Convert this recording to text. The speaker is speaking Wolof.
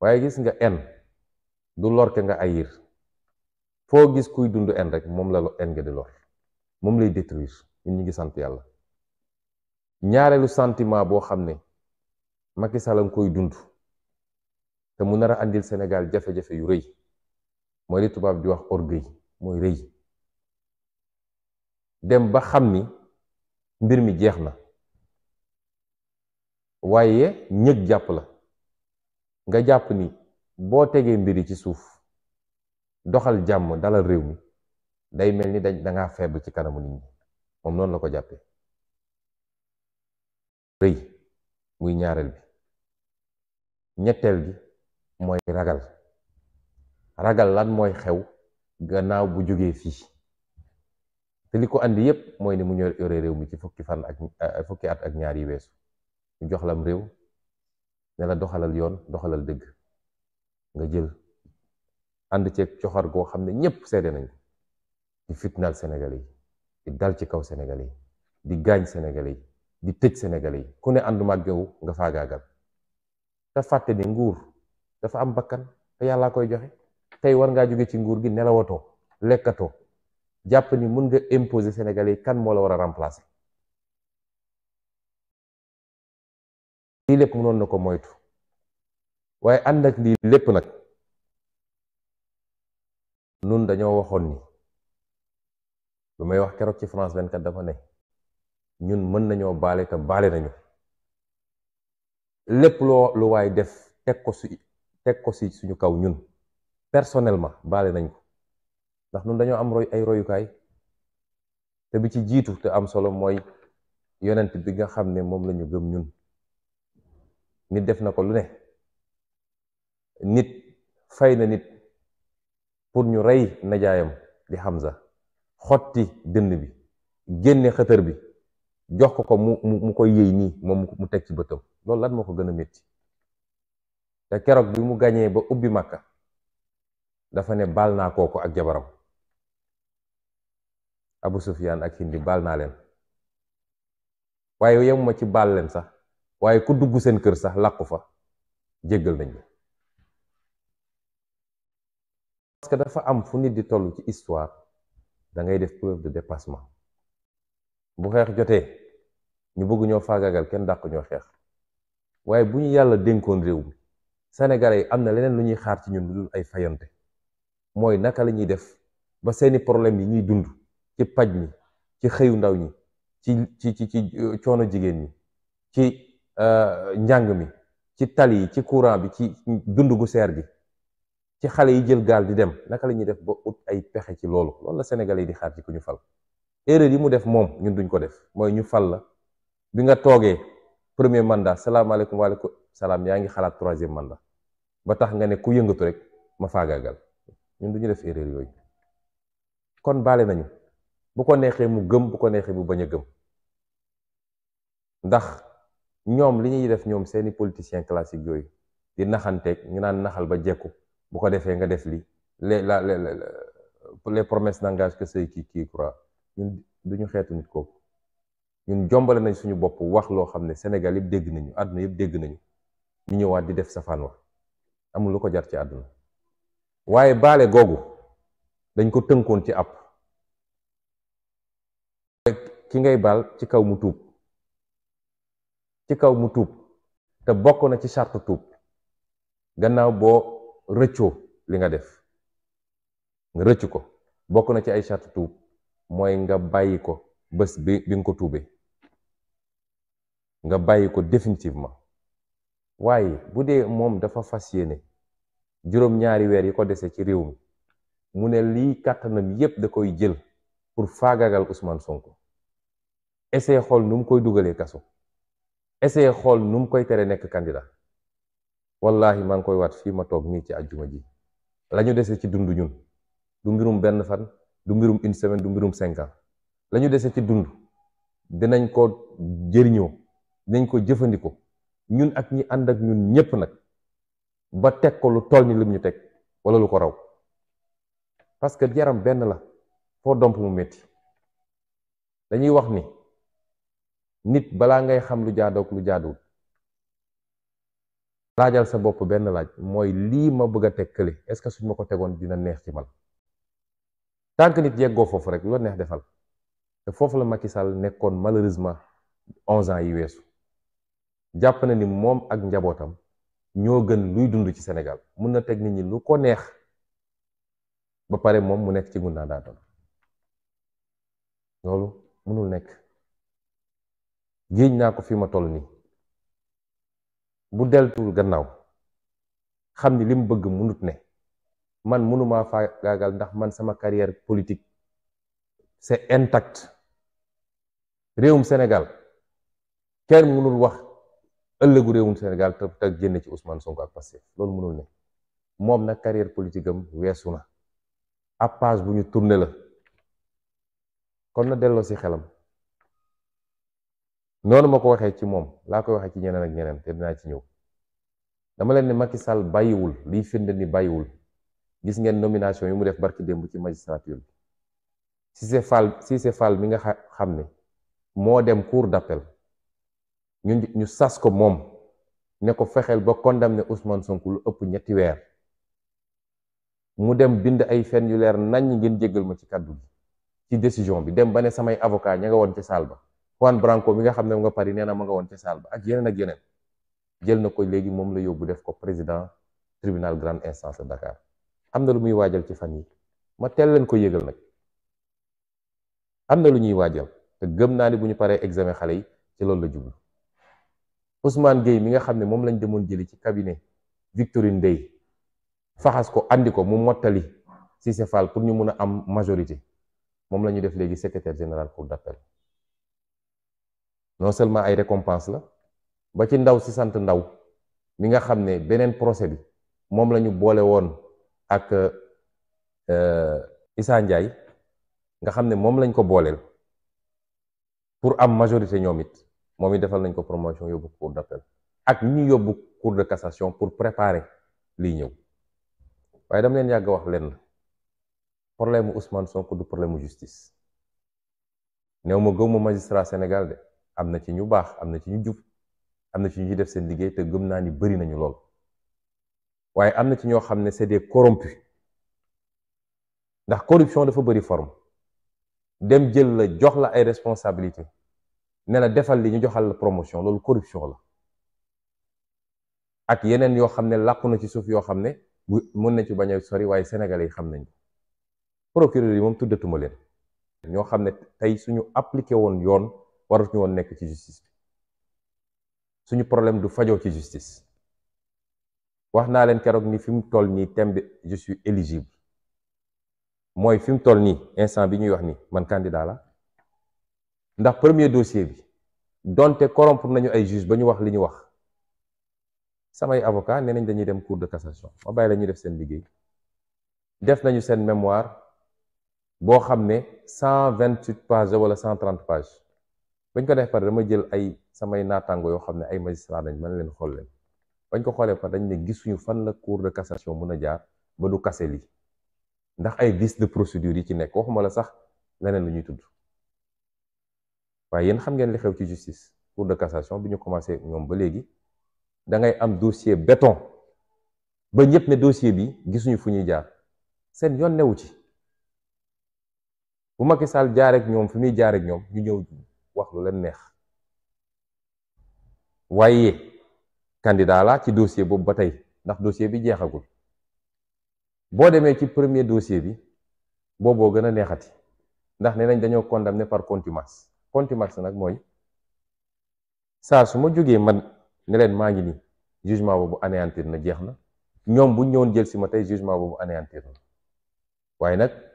waaye gis nga en du lorke ke nga ayir foo gis kuy dund en rek moom la en nga di lor moom lay détruire ñun ñu ngi sant yàlla ñaareelu santiment boo xam ne Macky Sall koy dund te mu nar a àndil Sénégal jafe-jafe yu rëy mooy li tubaab di wax orgueil mooy rëy dem ba xam ni mbir mi jeex na waaye ñëg jàpp la nga jàpp ni boo tegee mbiri ci suuf doxal jàmm dalal réew mi day mel ni dañ dangaa feeb ci kanamu nit ñi moom noonu la ko jàppee rëy muy ñaareel bi ñetteel bi mooy ragal ragal lan mooy xew gannaaw bu jógee fii te li ko andi yépp mooy ni mu ñor yore réew mi ci fukki fan ak ñaari weesu ñu jox lam réew ne doxalal yoon doxalal dëgg nga jël ànd ceeg coxar goo xam ne ñëpp seede nañ di fitnaal Sénégal yi dal ci kaw Sénégal yi di gaañ Sénégal yi di tëj senegal yi ku ne ànduma ak yow nga faagaagal te fàtte ni nguur dafa am bakkan te yàllaa koy joxe tey war ngaa jóge ci nguur gi nelawatoo lekkatoo jàpp ni mun nga imposer Sénégal yi kan moo la war a remplacer lii lépp mënoon na ko moytu waaye ànd ak lii lépp nag nun dañoo waxoon ni lu may wax keroog ci France ka dafa ne ñun mën nañoo baale te baale nañu lépp loo lu waay def teg ko si teg ko si suñu kaw ñun personnellement baale nañ ko ndax nun dañoo am roy ay royukaay te bi ci jiitu te am solo mooy yonent bi nga xam ne moom lañu gëm ñun nit def na ko lu ne nit fay na nit pour ñu rey najaayam di Hamza xotti dënn bi génne xëtër bi jox ko ko mu mu koy yëy nii moom mu teg ci bëtam loolu lan moo ko gën a métti te keroog bi mu gañee ba ubbi Makka dafa ne baal naa kooku ak jabaram Abu Sufyaan ak Hindi baal naa leen waaye yemuma ci baal leen sax waaye ku dugg seen kër sax làqu fa jéggal nañ la parce que dafa am fu nit di toll ci histoire da ngay def preuve de dépassement bu xeex jotee ñu bëgg ñoo faagaagal kenn dàq ñoo xeex waaye bu ñu yàlla dénkoon réew mi Sénégalais yi am na leneen lu ñuy xaar ci ñun lu dul ay fayante mooy naka lañuy def ba seeni problème yi ñuy dund ci paj mi ci xëyu ndaw ñi ci ci ci ci coono jigéen ñi ci Euh, njàng mi ci tali yi ci courant bi ci dund gu seer gi ci xale yi jël gaal di dem naka la ñuy def ba ut ay pexe ci loolu loolu la Sénégalais yi di xaar ci ku ñu fal erreur yi mu def moom ñun duñ ko def mooy ñu fal la bi nga toogee premier mandat salaamaaleykum waaleykum salaam yaa ngi xalaat troisième mandat ba tax nga ne ku yëngatu rek ma faagaagal ñun du ñu def erreur yooyu kon baale nañu bu ko neexee mu gëm bu ko neexee mu bañ a gëm ndax ñoom li ñuy def ñoom seeni politiciens classiques yooyu di naxanteeg ñu naan naxal ba jekku bu ko defee nga def li le la les promesses d'engagement que kii kii qui ñun du ñu xeetu nit kooku ñun jombale nañ suñu bopp wax loo xam ne Sénégal yëpp dégg nañu àdduna yëpp dégg nañu ñu ñëwaat di def safaan wax amul lu ko jar ci àdduna waaye baale googu dañ ko tënkoon ci àpp ki ngay baal ci kaw mu tuub ci kaw mu tuub te bokk na ci sàrtu tuub gannaaw boo rëccoo li nga def rëcc ko bokk na ci ay sàrtu tuub mooy nga bàyyi ko bés bi bi nga ko tuubee nga bàyyi ko définitivement waaye bu dee moom dafa fas yéene juróom ñaari weer yi ko desee ci réew mi mu ne lii kàttanam yépp da koy jël pour faagagal Ousmane Sonko essayé xol nu mu koy dugalee kaso essayé xool nu mu koy tere nekk candidat wallahi maa ngi koy waat fii ma toog nii ci àjjuma ji lañu ñu dese ci dund ñun du mbirum benn fan du mbirum une semaine du mbirum cinq ans la ci dund dinañ ko jëriñoo dinañ ko jëfandikoo ñun ak ñi ànd ak ñun ñépp nag ba teg ko lu toll ni lim ñu teg wala lu ko raw parce que yaram benn la foo domp mu metti dañuy wax ni nit balaa ngay xam lu jaadoog lu jaaduwut laajal sa bopp benn laaj mooy lii ma bëgg a teg kële est-ce que su ma ko tegoon dina neex ci man tant que nit yeggoo foofu rek lu neex defal te foofu la Macky Sall nekkoon malheureusement onze ans yi weesu jàpp na ni moom ak njabootam ñoo gën luy dund ci senegal mun na teg nit ñi lu ko neex ba pare moom mu nekk ci gun naa daa loolu mënul nekk géej naa ko fi ma toll nii bu deltuwul gannaaw xam ni li mu bëgg munut ne man mënumaa faagaagal ndax man sama carrière politique c'est intact réewum Sénégal kenn mënul wax ëllëgu réewum Sénégal te te génne ci Ousmane Sonko ak Pastef loolu mënul ne moom nag carrière politique am weesu na ab page bu ñu tourné la kon na delloo si xelam noonu ma ko waxee ci moom laa koy waxee ci ñeneen ak ñeneen te dinaa ci ñëw dama leen ne Macky Sall bàyyiwul liy firnde ni bàyyiwul gis ngeen nomination yi mu def barki démb ci magistrature bi Cissé Fall Cissé Fall mi nga xam ne moo dem cour d'appel ñu sas ko moom ne ko fexeel ba condamné Ousmane Sonko lu ëpp ñetti weer mu dem bind ay fen yu leer nañ ngeen jéggal ma ci kàddu gi ci décision bi dem ba ne samay avocat ña nga woon ci salle ba Juan Branco mi nga xam ne mu nga Paris nee na ma nga woon ca salle ba ak yeneen ak yeneen jël na ko léegi moom la yóbbu def ko président tribunal grande instance de Dakar am na lu muy waajal ci fan yi ma teel leen ko yëgal nag am na lu ñuy waajal te gëm naa ni bu ñu paree examen xale yi ci loolu la jublu Ousmane Gueye mi nga xam ne moom lañ demoon jëli ci cabinet Victorine Ndeye faxas ko andi ko mu mottali Cissé Fall pour ñu mun a am majorité moom la ñu def léegi secrétaire général cour d'appel non seulement ay récompense la ba ci ndaw si sant ndaw mi nga xam ne beneen procès bi moom la ñu boole woon ak euh, Issa Ndiaye nga xam ne moom lañ ko booleel pour am majorité ñoom it moom it defal nañ ko promotion yóbbu cour d'appel ak ñi yóbbu cour de cassation pour préparer lii ñëw waaye dama leen yàgg wax leen problème mu Ousmane Sonko du problème mu justice néew ma gëw ma magistrat Sénégal de. am na ci ñu baax am na ci ñu jub am na ci ñu def seen liggéey te gëm naa ni bëri nañu lool waaye am na ci ñoo xam ne c'est des corrompus ndax corruption dafa bëri forme dem jël la jox la ay responsabilité ne la defal li ñu joxal la promotion loolu corruption la ak yeneen yoo xam ne làqu na ci suuf yoo xam ne mën na ci bañ a sori waaye sénégalais yi xam nañ ko procureur yi moom tuddatuma leen ñoo xam ne tey suñu appliqué woon yoon waratuñu woon nekk ci justice bi suñu problème du fajoo ci justice wax naa leen keroog ni fi mu toll nii thème bi je éligible mooy fi mu toll nii instant bi ñuy wax nii man candidat la ndax premier dossier bi donte corrompre nañu ay juge ba ñu wax li ñu wax samay avocat nee nañ dañuy dem cour de cassation ma bàyyi la def seen liggéey def nañu seen mémoire boo xam ne cent vingt huit pages wala cent trente bañ ko def par dama jël ay samay naataango yoo xam ne ay magistrat dañ mën leen xool leen bañ ko xoolee par dañ ne gisuñu fan la cour de cassation mën a jaar ba du kase lii ndax ay vices de procédure yi ci nekk waxuma la sax leneen lu ñuy tudd waaye yéen xam ngeen li xew ci justice cour de cassation bu ñu commencé ñoom ba léegi da ngay am dossier béton ba ñëpp ne dossier bi gisuñu fu ñuy jaar seen yoon newu ci bu mag Sall jaar ak ñoom fu muy jaar ak ñëw wax lu leen neex waaye candidat laa ci dossier boobu ba tey ndax dossier bi jeexagul boo demee ci premier dossier bi booboo gën a neexati ndax nee nañ dañoo condamné par contimence contumace nag mooy saa su ma jógee man ne maa ngi nii jugement boobu anéantir na jeex na ñoom bu ñëwoon jël si ma tey jugement boobu anéantir na waaye nag